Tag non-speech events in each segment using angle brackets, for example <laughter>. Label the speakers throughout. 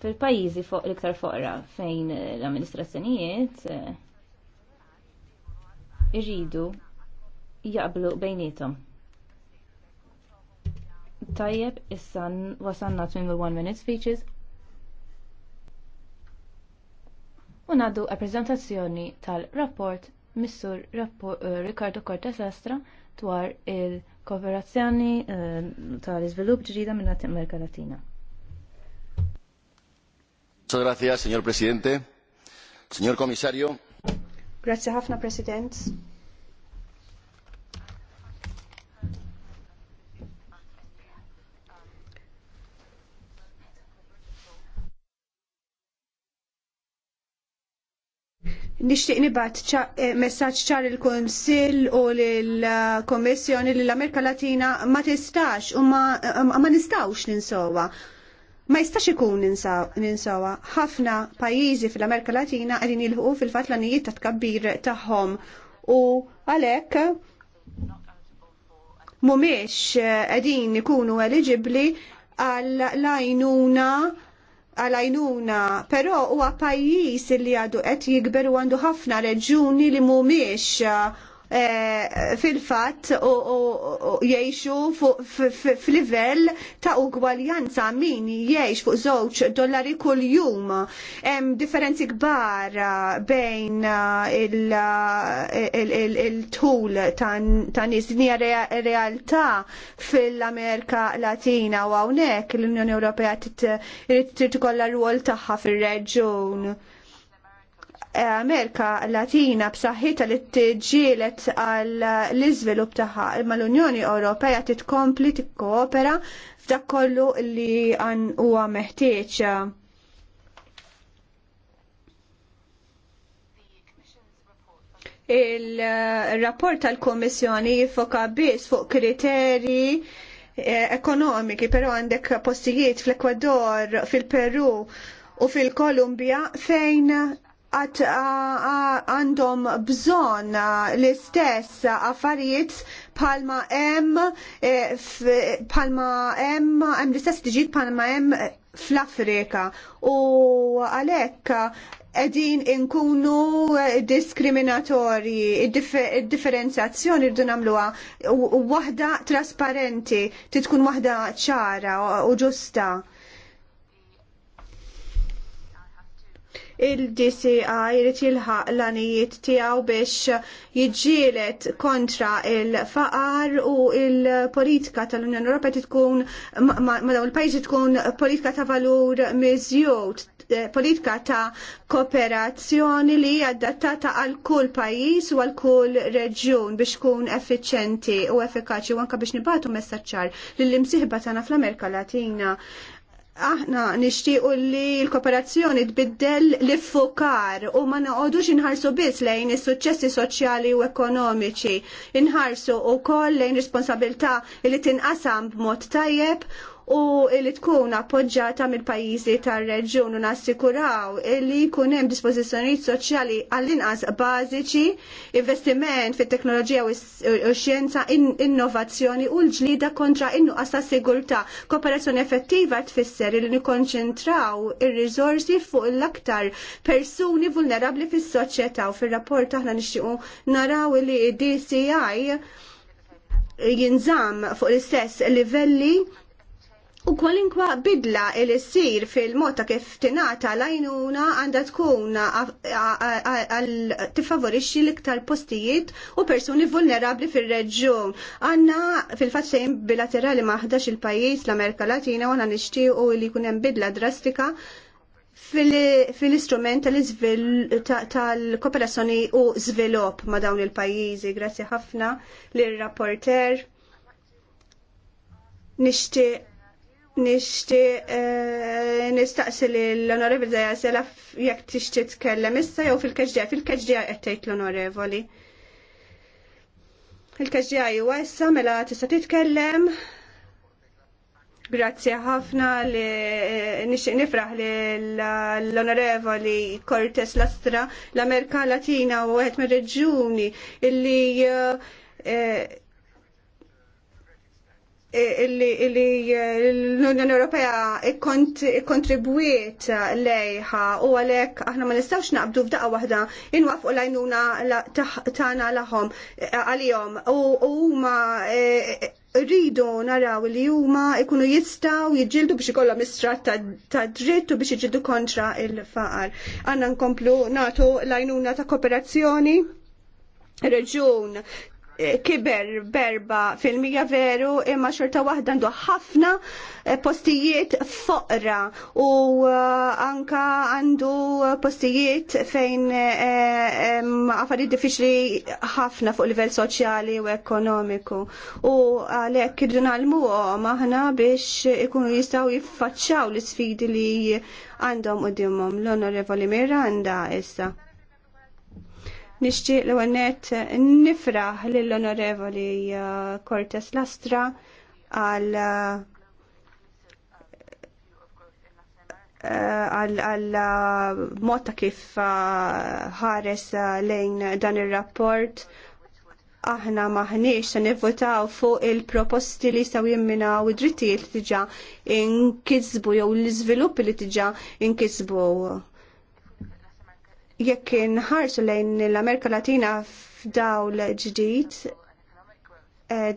Speaker 1: fil-pajizi fuq l-iktar foqra fejn eh, l-amministrazzjonijiet eh, irridu jaqblu bejnietom. Tajjeb, issa wasanna 21 minute speeches. U naddu għal-prezentazzjoni tal-rapport Missur eh, Ricardo Cortes Astra dwar il- kooperazzjoni eh, tal-iżvilupp ġrida minn Amerika Latina. Muchas gracias, señor presidente. Señor comisario. Grazie ħafna, President. Nixtieq nibgħat eh, messaġġ ċar il-Kunsill u l-Kommissjoni li l-Amerika Latina ma tistax u ma eh, nistawx ninsowa. Ma jistax ikun ninsawa. Ħafna pajjiżi fil-Amerika Latina qegħdin jilħu fil fat l-anijiet ta' tkabbir tagħhom u għalhekk mumiex eh, qegħdin ikunu eligibli għal lajnuna għalajnuna, pero huwa pajjiż li għadu qed jikber u għandu ħafna reġuni li mhumiex Eh, fil-fatt u jgħixu f'livell ta' ugwaljanza min jgħix fuq żewġ dollari kull jum. Hemm differenzi kbar bejn eh, il-tul eh, ta' nies realtà fil-Amerika Latina u hawnhekk l-Unjoni Ewropea trid tkollha rwol tagħha fir-reġjun. Amerika Latina b'saħħitha li tġielet għal l-iżvilupp tagħha imma l-Unjoni Ewropea titkompli tikkoopera f'dak kollu li huwa meħtieġ. Il-rapport tal-Komissjoni jifoka biss fuq kriteri eh, ekonomiki, però għandek postijiet fl-Ekwador, fil-Peru u fil-Kolumbja fejn għat għandhom bżon l-istess affarijiet palma M, e, palma M, em l-istess tiġit palma m fl-Afrika u għalek edin inkunu diskriminatorji, differenzjazzjoni rridu namluha wahda trasparenti, titkun waħda ċara u ġusta. il-DCI jrid jilħaq l-anijiet tiegħu biex jiġġielet kontra il-faqar u il-politika tal-Unjoni Ewropea tkun ma dawn il-pajjiżi tkun politika ta' valur miżjud eh, politika ta' kooperazzjoni li adattata għal kull pajis u għal kull reġjun biex kun effiċenti u effikaċi u anka biex nibatu messaċċar lill-imsiħba tagħna fl-Amerika Latina aħna nixtiequ li l-kooperazzjoni tbiddel l-iffukar u ma naqodux inħarsu biss lejn is-suċċessi soċjali u ekonomiċi. Inħarsu wkoll lejn responsabilità li tinqasam b'mod tajjeb u li tkun appoġġata mill-pajjiżi tar-reġjun u nassikuraw li jkun hemm dispożizzjonijiet soċjali għall-inqas bażiċi, investiment fit-teknoloġija u x-xjenza, innovazzjoni u l-ġlida kontra innuqas ta' sigurtà. Kooperazzjoni effettiva tfisser li nikkonċentraw ir-riżorsi fuq l-aktar persuni vulnerabli fis-soċjetà u fir-rapport aħna nixtiequ naraw li DCI jinżam fuq l-istess livelli U kwalinkwa bidla il sir fil-mod ta' kif tingħata l-għajnuna għandha tkun tiffavorixxi l-iktar postijiet u persuni vulnerabbli fir-reġjun. Għandna fil-fatt sejn bilaterali ma' il-pajjiż l-Amerika Latina u nixtiequ li jkun hemm bidla drastika fil-istrument tal-kooperazzjoni u żvilupp ma' dawn il-pajjiżi. Grazzi ħafna lir rapporter Nixtieq Nishti eh, nistaqsi li l-onorevoli da jasela jek tixti tkellem issa jew fil kaġġija fil qed tgħid l-onorevoli. il kaġġija juwa issa mela tista titkellem. Grazzi ħafna li eh, nixtieq nifraħ li l-onorevoli Cortes Lastra l-Amerika Latina u għed mir-reġuni illi eh, Eh, l-Unjoni Ewropea kontribwiet lejha u għalhekk aħna ma nistgħux naqbdu f'daqqa waħda inwaqfu l-għajnuna tagħna lahom eh, għalihom u huma eh, rridu naraw li huma jkunu jistgħu jiġġieldu biex ikollhom istrat ta' dritt u biex jiġġieldu kontra il-faqar. Għandna nkomplu nagħtu l-għajnuna ta' kooperazzjoni reġun kiber berba fil-mija veru imma xorta waħda għandu ħafna eh, postijiet foqra u eh, anka għandu postijiet fejn għafari eh, diffiċli ħafna fuq livell soċjali u ekonomiku u għalek irdu nalmu maħna biex ikunu jistaw jiffaċċaw l-sfidi li għandhom u dimmom l-onorevoli Miranda issa. Nixtieq l għanet nifraħ lill-Onorevoli uh, Cortes Lastra għal uh, uh, għal mod ta' kif ħares lejn dan ir-rapport aħna maħniex se nivvotaw fuq il-proposti li saw jimmina u drittijiet li tiġa inkisbu jew l-iżviluppi li tiġa inkisbu jekk inħarsu lejn l-Amerika Latina f'dawl ġdid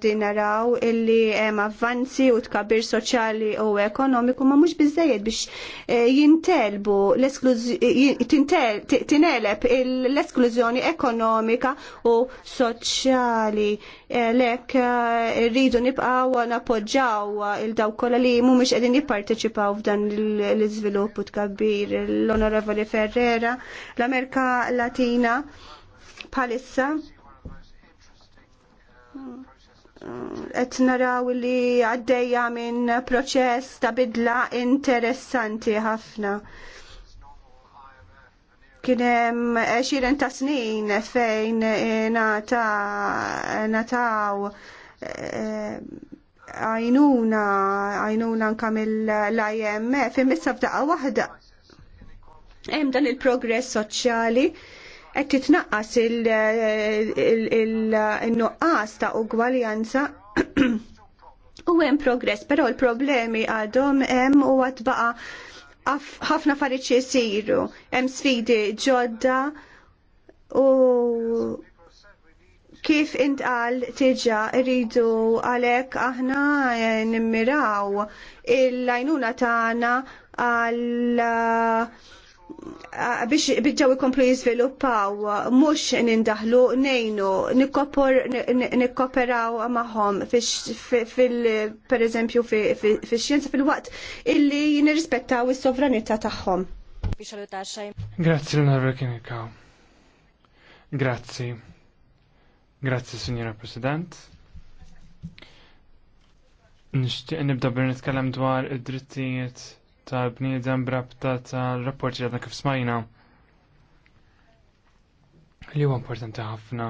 Speaker 1: din naraw illi hemm avvanzi u tkabbir soċjali u ekonomiku ma mhux biżejjed biex e, jintelbu tinelep l-esklużjoni ekonomika u soċjali. E, lek e, rridu nibqgħu napoġġaw il-daw kollha li mhumiex qegħdin jipparteċipaw f'dan l-iżvilupp u tkabbir l-Onorevoli Ferrera, l-Amerika Latina palissa. Hmm qed naraw li għaddejja minn proċess ta' bidla interessanti ħafna. Kien hemm xiren ta' snin fejn eh, nataw eh, għajnuna għajnuna anka mill-IMF imissa f'daqqa waħda hemm dan il-progress soċjali qed titnaqqas il-nuqqas ta' ugwaljanza <clears throat> u hemm progress, però l-problemi għadhom hemm u għad baqa' ħafna affarijiet jsiru. hemm sfidi ġodda u kif intqal tiġa rridu għalek aħna eh, nimmiraw il-lajnuna tagħna għal biex bieġaw ikomplu jizviluppaw, mux nindaħlu nejnu, nikkoperaw maħom fil, per eżempju, xjenza xienza fil-waqt illi nirrispettaw is sovranità tagħhom. Grazzi
Speaker 2: l-narra kienikaw. Grazzi. Grazzi, signora President. Nishtiq nibda bir nitkellem dwar id-drittijiet tal-bniedem brabta ta' rapporti għadna kif smajna. Li huwa importanti ħafna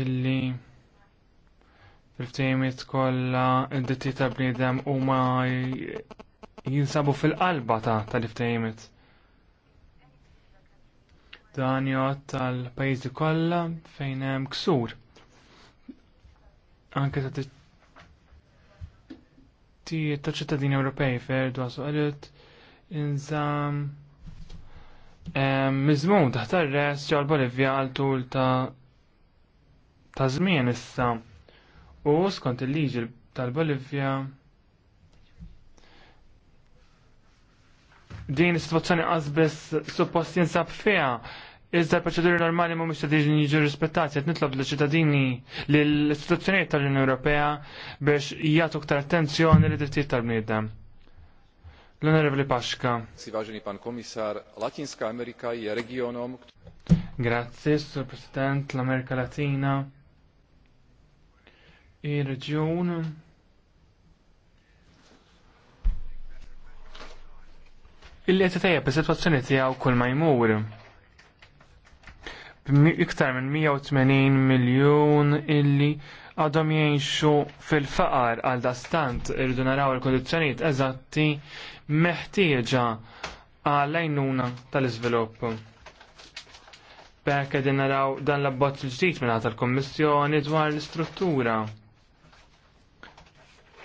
Speaker 2: illi fil-ftejmiet kollha id-ditti tal-bniedem huma jinsabu fil-qalba ta' tal-ftejmiet. Dan jgħat tal-pajjiżi kollha fejn hemm ksur. Anke ta' drittijiet ta' ċittadini Ewropej fer dwar suqalit inżam miżmum taħt arrest ġal Bolivja għal tul ta' ta' żmien issa. U skont il-liġi tal-Bolivja din is-sitwazzjoni qasbis suppost jinsab fiha Iżda l-proċeduri normali mhumiex se jiġu rispettati, qed nitlob liċ ċittadini l-istituzzjonijiet tal-Unjoni Ewropea biex jagħtu aktar attenzjoni li drittijiet tal-bniedem. L-Onorevoli Paxka. Sivaġeni pan komissar, Latinska Amerika hija regionom. Grazzi, Sur President, l-Amerika Latina. il reġjun Il-li tajjeb is-sitwazzjoni tiegħu kull ma jmur iktar minn 180 miljun illi għadhom jgħixu fil-faqar għal dastant irridu naraw il-kondizzjonijiet eżatti meħtieġa għal-għajnuna tal izvilupp Bekk qegħdin naraw dan l-abbozz ġdid minn l kommissjoni dwar l-istruttura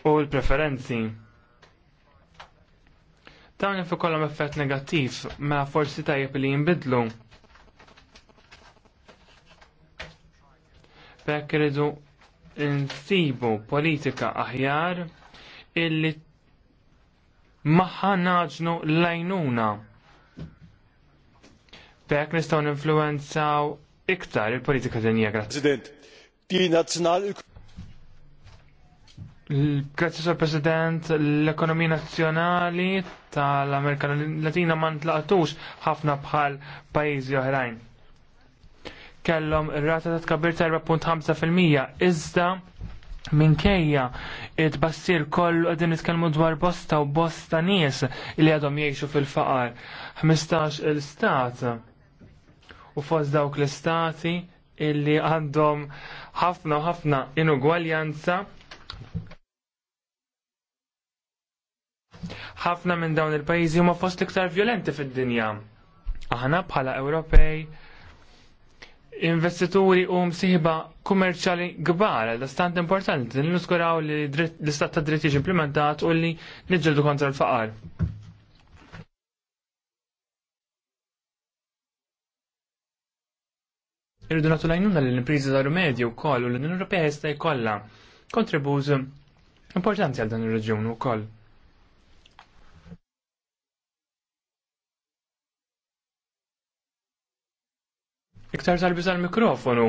Speaker 2: u l-preferenzi. Dawn ifi kollhom effett negattiv ma forsi tajjeb li jinbidlu Bekk iridu nsibu politika aħjar illi maħħa naġnu lajnuna. Fekk nistgħu ninfluenzaw iktar il-politika dinja grazzi. President, di nazzjonal Grazie Sor President, l-ekonomija nazzjonali tal-Amerika Latina ma ntlaqtux ħafna bħal pajjiżi oħrajn kellhom rata ta' tkabbir ta' 4.5% iżda minkejja it-bassir kollu għedin nitkellmu dwar bosta u bosta nies li għadhom jgħixu fil-faqar. 15 il-stat u fost dawk l-istati illi għandhom ħafna u ħafna inugwaljanza ħafna minn dawn il-pajjiżi huma fost iktar violenti fid-dinja. Aħna bħala Ewropej investituri u msiħba kummerċali gbar, da stant importanti, li nuskuraw li l-istat ta' dritti implementat u li nġildu kontra l-faqar. Irridu natu lajnuna li l-imprizi ta' medju u koll u l-Unjoni Ewropea jista' jkollha kontribuż importanti għal dan ir-reġjun koll. iktar talbi tal-mikrofonu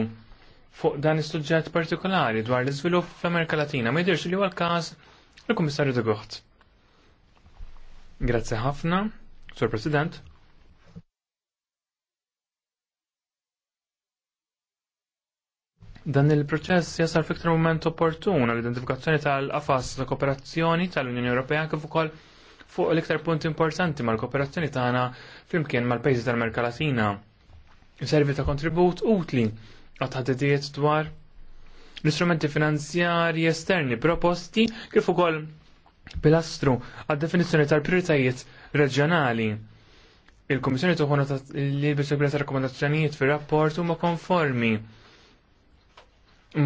Speaker 2: fuq dan is-suġġett partikolari dwar l-iżvilupp fl-Amerika Latina. Ma jidirx li huwa l-każ l-Kummissarju de Gucht. Grazzi ħafna, Sur President. Dan il-proċess jasal fiktar moment opportun għall-identifikazzjoni tal-qafas ta' kooperazzjoni tal-Unjoni Ewropea kif ukoll fuq l-iktar punt importanti mal-kooperazzjoni tagħna flimkien mal pajjiżi tal-Amerika Latina servi ta' kontribut utli għat dwar l-istrumenti finanzjarji esterni proposti kif ukoll pilastru għad definizzjoni tal-prioritajiet reġjonali. Il-Komissjoni tuħuna li biex ta' rakkomandazzjonijiet fir-rapport huma konformi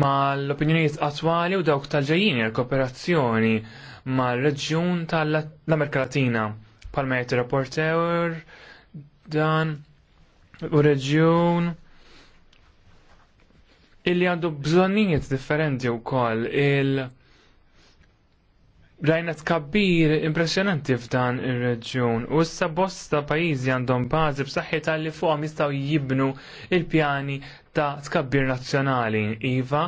Speaker 2: ma l-opinjonijiet attwali u dawk tal-ġejjin għal kooperazzjoni ma l-reġjun tal-Amerika Latina. Palma jgħid rapporter dan u reġjun illi għandu bżonnijiet differenti u koll il rajna tkabbir impressionanti f'dan ir-reġjun u issa bosta pajjiżi għandhom bazi b'saħħi tal-li fuqhom jistgħu jibnu il-pjani ta' tkabbir nazzjonali. Iva,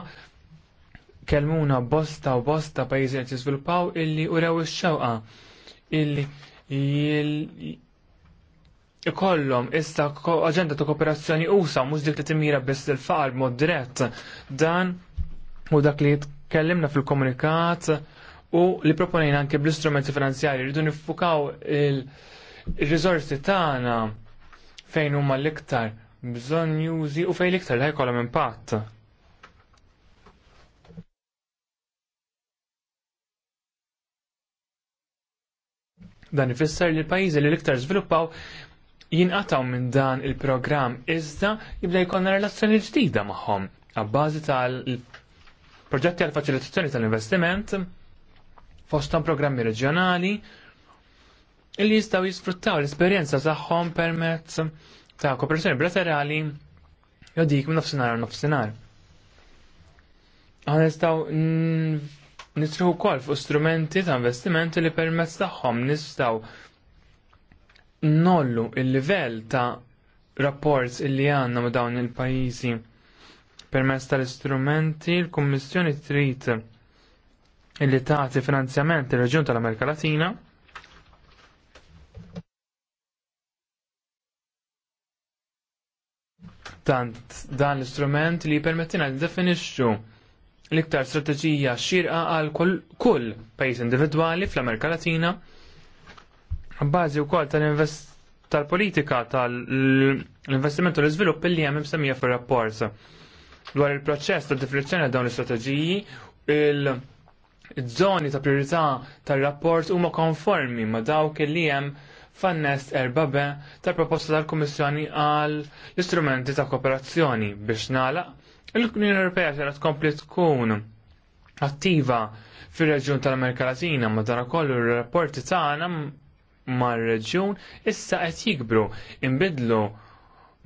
Speaker 2: kelmuna bosta u bosta pajjiżi qed jiżviluppaw illi rew ix-xewqa illi ikollhom issa aġenda ta' kooperazzjoni usa mhux dik li timira biss il-faqar mod dirett dan u dak li tkellimna fil-komunikat u li proponejna anke bl-istrumenti finanzjari rridu nifukaw il-riżorsi tagħna fejn huma l-iktar bżonn jużi u fejn l-iktar li jkollhom impatt. Dan ifisser li l-pajjiżi li l-iktar żviluppaw jinqataw minn dan il-programm iżda jibda jkollna relazzjoni ġdida magħhom għabbażi tal-proġetti għal faċilitazzjoni tal-investiment fostom programmi reġjonali illi jistgħu jisfruttaw l-esperjenza tagħhom permezz ta' kooperazzjoni bilaterali jew dik minn nofsinhar għal nofsinhar. Għan nistgħu nitruħu wkoll fuq strumenti ta' investimenti li permezz tagħhom nistgħu nollu il-livell ta' rapport illi għandna ma' dawn il pajjiżi Permezz tal-istrumenti, l kummissjoni trid illi tagħti finanzjament ir reġjun tal-Amerika Latina. Tant dan l-istrument li permettina li definixxu l-iktar strateġija xirqa għal kull pajjiż individwali fl-Amerika Latina u wkoll tal-politika tal-investiment u l-iżvilupp li hemm semija fir-rapport dwar il-proċess ta' definizzjoni dawn l-istrateġiji il- żoni ta' priorità tal-rapport huma konformi ma' dawk li hemm fannest erba b tal-proposta tal-Kummissjoni għal l-istrumenti ta' kooperazzjoni biex nagħlaq. l-Unjoni Ewropea tara tkompli tkun attiva fir reġjun tal-Amerika Latina ma' dan ukoll ir rapporti tagħna mar-reġjun issa qed jikbru inbidlu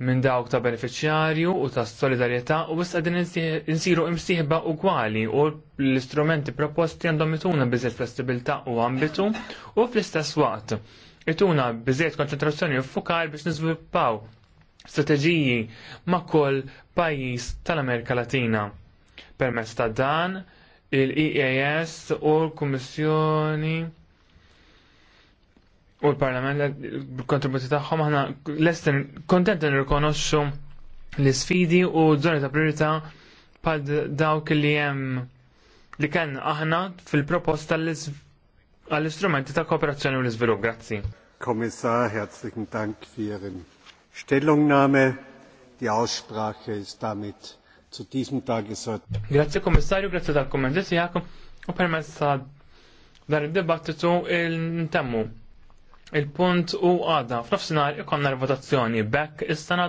Speaker 2: minn dawk ta' beneficjarju u ta' solidarjetà u issa din insiru imsieħba ugwali u l-istrumenti proposti għandhom ituna biżiet flessibilità u ambitu u fl-istess waqt ituna biżiet konċentrazzjoni u fukar biex niżviluppaw strateġiji ma' kull pajjiż tal-Amerika Latina. Permezz ta' dan il-EAS u l-Kummissjoni u l-Parlament l kontributi tagħhom aħna lesten kontent nirrikonoxxu l-isfidi u żoni ta' priorità bħal dawk li hemm li kien aħna fil-proposta għall-istrumenti ta' kooperazzjoni u l-iżvilupp. Grazzi. Kommissar, herzlichen Dank für stellungname. Stellungnahme. Die Aussprache ist damit zu diesem Tagesordnung. Grazie Kommissario, grazie tal-kommenti tiegħek u permezz ta' dar id-dibattitu il-ntemmu. Il-punt u għada, f'nofsinhar ikonna votazzjoni b'hekk is-sena